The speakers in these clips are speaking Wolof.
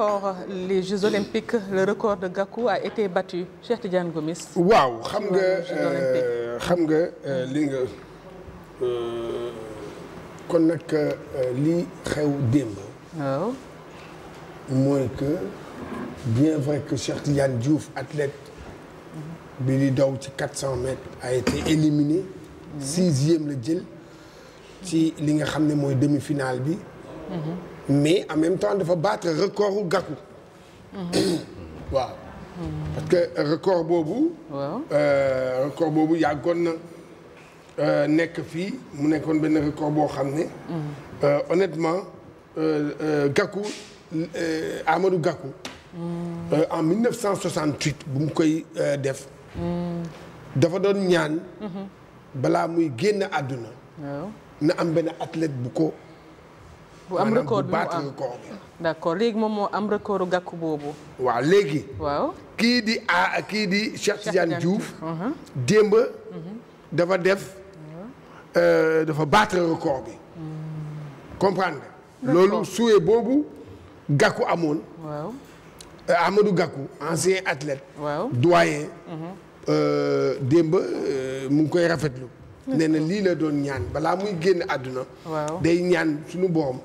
sport les Jeux olympiques le record de gàkku a été battu Cheikh Tidiane Gomis. waaw xam nga euh, xam nga euh, li nga euh, kon nag li xew démb. mooy que bien vrai que Cheikh Tidiane Diouf athlète bi di daw ci quatre cent mètres a été éliminé. Mhm. sixième la jël ci li nga xam ne mooy demi-finale bi. Mhm. mais en même dafa battre record u Gakou mm-hmm. waaw parce que record boobu euh, record boobu yàggoon na euh, nekk fii mu nekkoon benn record boo xam ne mm-hmm. euh, honnêtement Gakou Amadou Gakou mm-hmm. en bu mu koy def dafa doon ñaan balaa muy génn àdduna na am benn athlète bu ko bu am record bi battre moom moo am record gàkku boobu waaw léegi waaw kii di a kii di Cheikh Tidiane Diouf uh-huh. démb uh-huh. dafa def uh-huh. euh, dafa battre record bi mm. comprendre loolu suwe boobu gàkku amoon amadu euh, Amadou Gakou ancien athlète waaw doyen euh, démb mu ngi koy rafetlu nee lii la doon ñaan balaa muy génn àdduna. day ñaan suñu borom.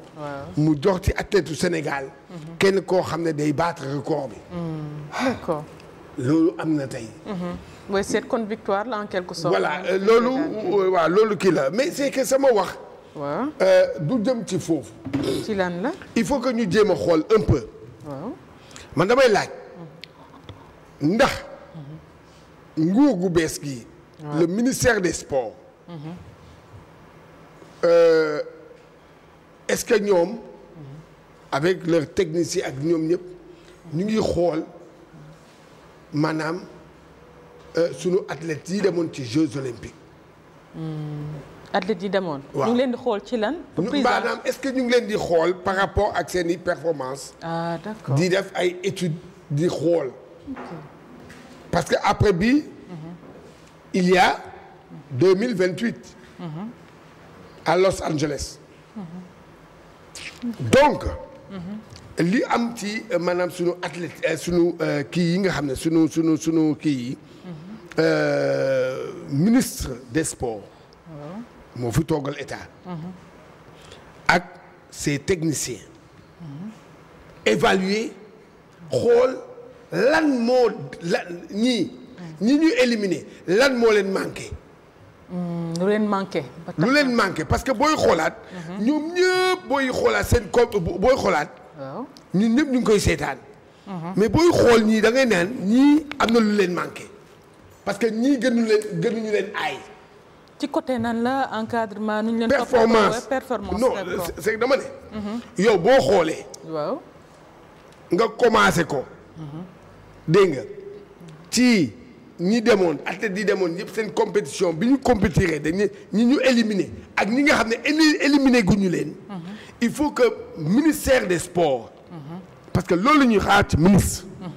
mu jox ci athlète u Sénégal. Mhm. kenn koo xam ne day battre record bi. Mhm. d'accord loolu am na tey. mooy seet kon victoire la en quelque sorte. Euh, loolu kii la mais c'est que sama wax. Euh, du jëm ci foofu. ci il faut que ñu jéem a xool un peu. waaw man damay laaj. Mhm. ndax. nguur gu bees gi le ministère des sports. Euh, est-ce que ñoom. avec leurs techniciens ak ñoom ñëpp. ñu ngi xool maanaam euh, sunu athlètes yi demoon ci Jeux olympiques. Hmm. athlètes yi demoon. waaw ñu ngi leen di xool ci lan. maanaam est-ce que ñu ngi leen di xool par rapport ak seeni performance ah di def ay études di xool. parce que après bi. Mm il y 2028. à Los Angeles. donc. li am ci euh, maanaam sunu athlète euh, sunu euh, kii yi nga xam ne sunu sunu sunu kii yi. ministre des sports. moo fi toogal état. ak ses techniciens. évaluer xool lan moo lan ñii. ñi lan moo manqué. lu leen manqué. lu leen manqué parce que booy xoolaat. Mhm. ñoom ñëpp booy xoolaat seen ko booy xoolaat. waaw ñun ñëpp ñu ngi koy seetaan. Mhm. mais booy xool ñii da ngay naan ñii am na lu leen manqué. parce que ñii gënu leen gënuñu leen aay. ci côté nan la encadrement nu ñu leen. performance performance non c'est dama ne. Mhm. yow boo xoolee. waaw. nga commencé ko. dégg ci. ñi demoon athlètes di demoon ñëpp seen compétition bi ñu compétiré dañ ñi ñu éliminer ak ñi nga xam ne éliminer éliminé guñu leen. Mhm. il faut que ministère des sports. Mhm. parce que loolu ñuy xaar ci ministre. Mhm.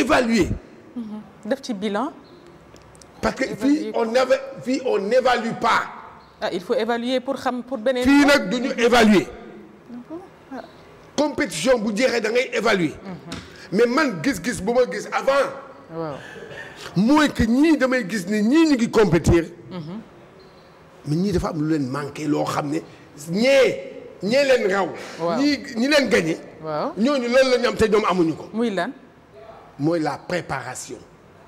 évaluer. def ci bilan. parce que fii on éva fii on n'évalue pas. ah il faut évaluer pour xam pour beneen. fii nag du ñu évaluer. compétition bu jeexee da ngay évaluer. mais man gis-gis bu ma gis avant. mooy que ñii damay gis ni ñii ñu ngi compétir. Mhm. mais ñii dafa am lu leen manqué loo xam ne ñee ñee leen raw. ñii ñi leen gagné. ñooñu loolu la ñu am te ñoom amuñu ko. muy lan. mooy la préparation.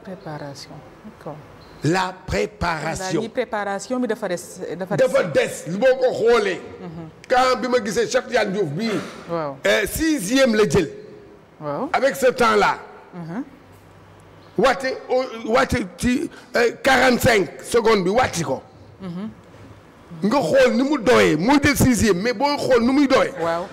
préparation d'accord. la préparation. préparation bi dafa des dafa des. dafa des boo ko xoolee. Mhm. quand bi ma gisee chaque Tidiane Diouf bii. waaw eh, la jël. waaw avec ce temps là. Mhm. wàcc wàcc ci eh, quarante cinq secondes bi wàcc ko mm-hmm. nga xool ni mu doyee muy de sixième mais booy xool ni muy doyee waaw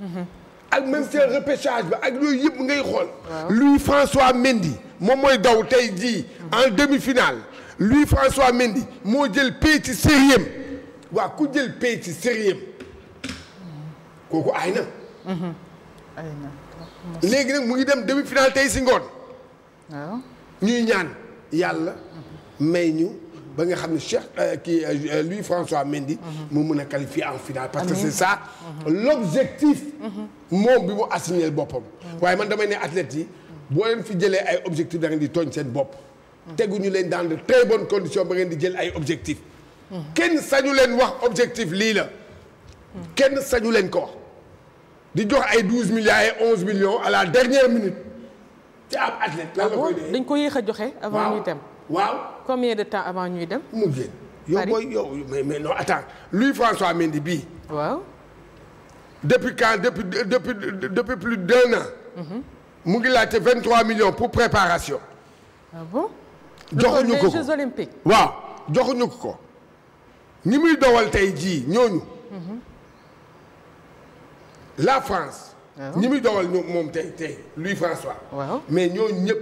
mm-hmm. ak même seen repêchage bi ak yooyu yëpp ngay xool Louis François Mendy moom mooy daw tey jii mm-hmm. en demi-finale Louis François Mendy moo jël pay ci sérieux waa ku jël pay ci sérieux kooku ay na léegi nag mu ngi dem demi-finale tey si ngoon waaw ñuy ñaan yàlla may ñu ba nga xam ne Cheikh euh, kii euh, Louis François Mendy. Mhm. mu mën a qualifier en finale. parce que c'est ça mhm. l'objectif. Mhm. moom bi mu assigné boppam. waaye man damay ne athlètes yi. boo leen fi jëlee ay objectifs da di tooñ seen bopp. teguñu leen dans de très bonnes conditions ba ngeen di jël ay objectifs. kenn sañu leen wax objectif lii la. kenn sañu leen ko wax. di jox ay douze milliards et onze millions à la dernière minute. ci ab athlète lan la ah dañ ko yéex a joxe. avant ñuy dem waaw. combien de temps avant ñuy dem. mu génn yow booy yow mais mais non attends Louis François Mendy bii. waaw. depuis quand depuis depuis depuis plus d'un an. Mhm. mu ngi laajte vingt trois millions pour préparation. Ah joxuñu ko ko Jeux waaw joxuñu ko ko. ñi muy dowal tey jii ñooñu. Mhm. la France. ñi muy dogal ñoom moom tey tey Louis François. waaw mais ñoo ñëpp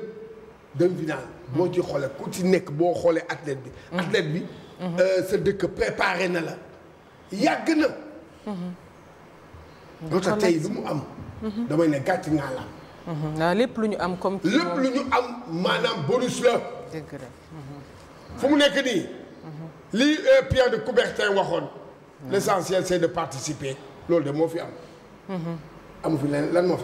dem final. boo ci xoolee ku ci nekk boo xoolee athlète bi. Mm-hmm. athlète bi. Mm-hmm. Euh, sa dëkk préparé na la yàgg na. loo mm-hmm. tax tey lu mu am. damay ne gàcc ngaa la am. waaw lépp lu ñu am comme. lépp lu ñu am maanaam bonus la. dëgg mu nekk nii. li euh, Pierre de Coubertin waxoon. l' essentiel de participer. loolu de moo fi am. amu fi leneen lan moo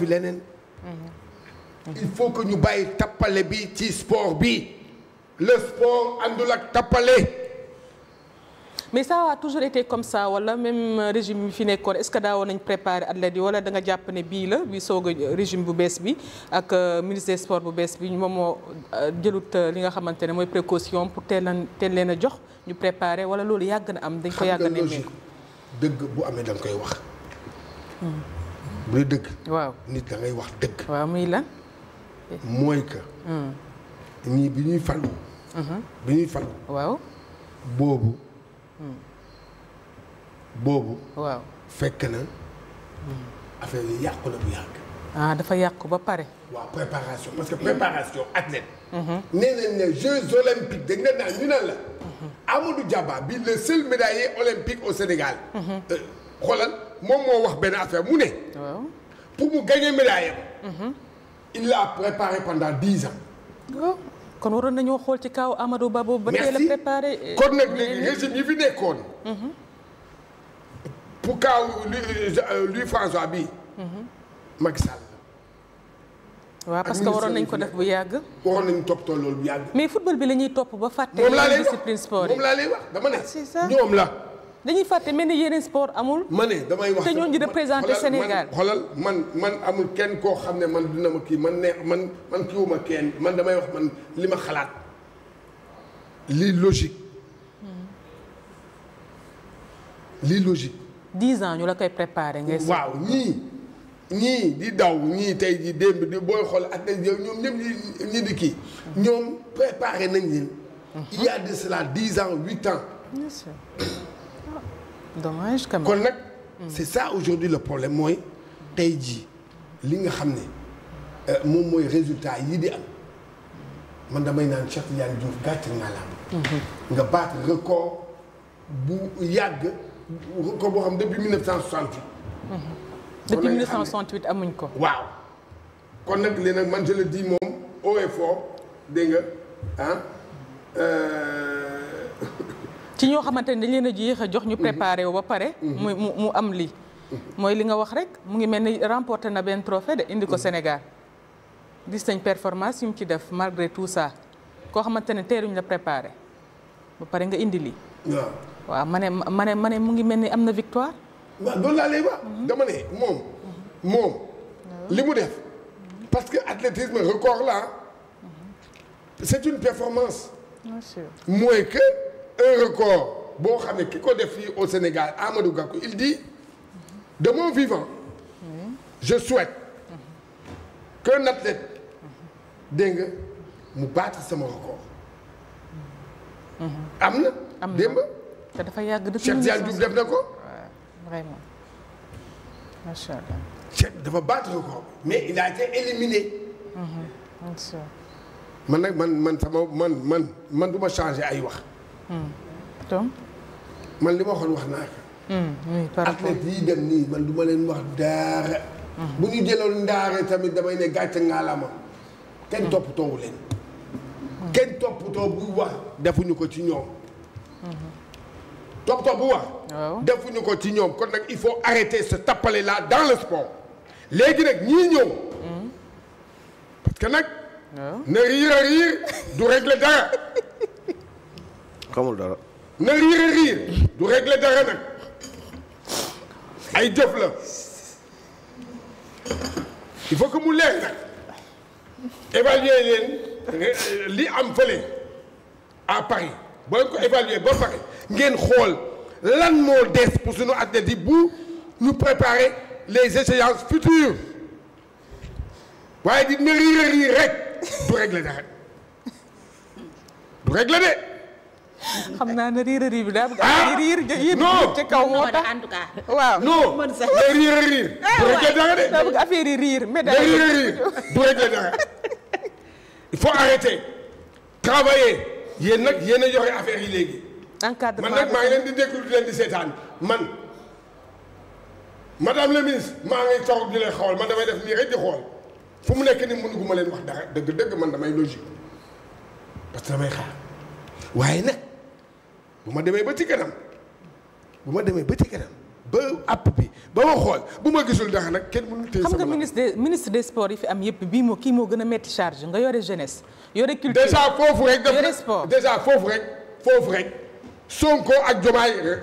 fi leneen mhm. il faut que ñu bàyyi tappale bi ci sport bi le sport àndul ak tappale mais ça a toujours été comme ça wala même régime bi fi nekkoon est-ce que daawoon nañ préparer athlètes yi wala da nga jàpp ne bii la bi soog a régime bu bees bi ak euh, ministre des sports bu bees bi moom moo euh, jëlut euh, li nga xamante ne mooy précaution pour teel leen teel leen a jox ñu préparer wala loolu yàgg na am dañ ko yàgg a nemmeeku dëgg bu amee da nga koy wax bu dee dëgg. waaw nit da wax dëgg. waaw muy lan. mooy que. Hmm. ñii bi ñuy falu. Hmm. bi ñuy falu. waaw. boobu. Hmm. boobu. waaw fekk na. affaire yi yàqu na bu yàgg. Ah, dafa yàqu ba pare. waaw préparation parce que préparation athlète. nee ne Jeux olympiques dégg nga naan ñu naan la. Amadou Diaba bi le seul médaillé olympique au Sénégal. Euh, xoolal. moom moo wax benn affaire mu ne. pour mu gagner médaille am. Mhm. il l'a préparé pendant dix ans. waaw kon waroon nañoo xool ci kaw Amadou Ba boobu. ba tey la préparé merci euh, kon nag régime yi fi nekkoon. Mhm. pour kaw euh, Louis François bi mhm. Macky Sall. waaw parce que waroon nañ ko def bu yàgg. waroon nañ toppatoo loolu bu yàgg. mais football bi la ñuy topp ba fàtte. moom laa lay wax moom laa lay wax dama ne. Ah, ñoom la. dañuy fàtte mel ni yeneen sport amul. ma damay wax ñoo ngi représenté Sénégal. xoolal man man amul kenn koo xam ne man dina ma kii man neex man man kiiwuma kenn man damay wax man li ma xalaat lii logique. Hmm. lii logique. dix ans ñu la koy nga ngay waaw ñii ñii di daw ñii tey jii démb di booy xool ak tey ñoom ñëpp ñi ñi di kii. ñoom préparé nañ leen. Hmm. il y a de cela dix ans huit ans. dommage quand même kon nag. c'est ça aujourd'hui le problème mooy tey jii li nga xam ne euh, moom mooy résultat yi di am man damay naan Cheikh Tidiane Diouf gàcce naa la mhm. nga baat record bu yàgg record boo xam depuis 1968. Mhm. depuis 1968 amuñ ko. waaw kon nag léegi nag man je le moom haut et fort dégg ah, euh, ci ñoo xamante ne dañ leen a yéex a jox ñu préparé wu ba pare. Mhm. mu mu am lii. Mhm. mooy li nga wax rek mu ngi mel ni remporté na benn trophée de indi ko mhm. Sénégal. gis nañ performance yu mu ci def malgré tout ça koo xamante ne teeruñ la préparé ba pare nga indi lii. waaw ma ne ma ne ma ne mu ngi mel ni am na victoire. waaw loolu laa lay wax. dama ne moom. moom ah. li mu def. parce que athlétisme record là. c'est une performance. bien mooy que. record boo xam ne ki ko def fii au Sénégal Amadou Gakou il dit de mon vivant je souhaite qu'un athlète dégg nga mu battre sama record am na démb te dafa yàgg depuis Cheikh Tidiane Diouf def na ko dafa battre record mais il a été éliminé mhm, man nag man man sama man man man du ma changer ay wax donc. man li ma waxoon wax naa ko. Hmm, athlètes yi dem nii man du ma leen wax daara. Hmm. bu ñu jëloon ndaare tamit damay ne gàcce ngaalama. kenn hmm. toppatoowu leen. kenn toppatoo bu wax defuñu ko ci ñoom. toppatoo bu wax. defuñu ko ci ñoom kon nag il faut arrêter sa tappale là dans le sport. léegi nag ñii ñëw. parce que nag. ne riir a riir du régler dara. xamul dara. na riir a riir du régler dara nag ay jëf la il faut que mu leer nag évaluer leen li am fële à Paris boo leen ko évaluer ba pare ngeen xool lan moo des pour suñu athlètes yi bu ñu préparer les échéances futures waaye di na riir a riir rek du régler dara du régler de. xam naa ne riir a riir bi daa bëgg a kaw moo tax waaw non mais riir a riir bu rekkee de daa bëgg affaire yi riir mais da riir a nag yéen a joxe affaire yi léegi encadrement man nag maa ngi leen di déglu di leen di seetaan man madame la ministre maa ngi toog di leen xool man damay def nii rek di xool fu mu nekk nii mënuguma leen wax dëgg dëgg man damay logique parce que xaar waaye nag bu ma demee ba ci kanam bu ma demee ba ci kanam ba app bi ba ma xool bu ma gisul ndax nag kenn mënul téye sama xam nga ministre des ministre yi fi am yëpp bii moo kii moo gën a metti charge nga yore jeunesse yore culture déjà foofu rek yore sport déjà foofu rek foofu rek Sonko ak Jomaay rek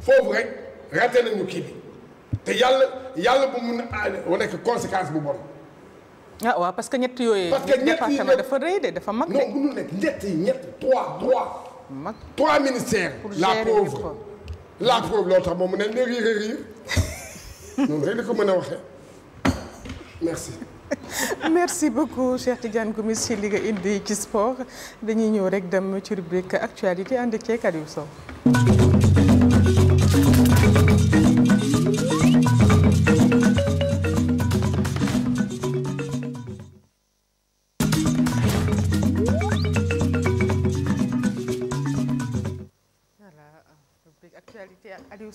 foofu rek raté nañu kii te yàlla yàlla bu mun a nekk conséquence bu bon ah waaw parce que ñett yooyu parce que ñett yi dafa rëy dafa mag de non mënul nekk ñett yi trois trois mag trois ministères. la la pauvre loo tax moom mu ne léegi riir noonu rek di ko mën a waxee merci. merci beaucoup Cheikh Tidiane Gomis ci li nga indi ci sport dañuy ñëw rek dem ci rubrique actualité ànd ceeg Aliou Sow.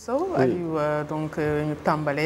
Sow Aliou donc ñu tàmbalee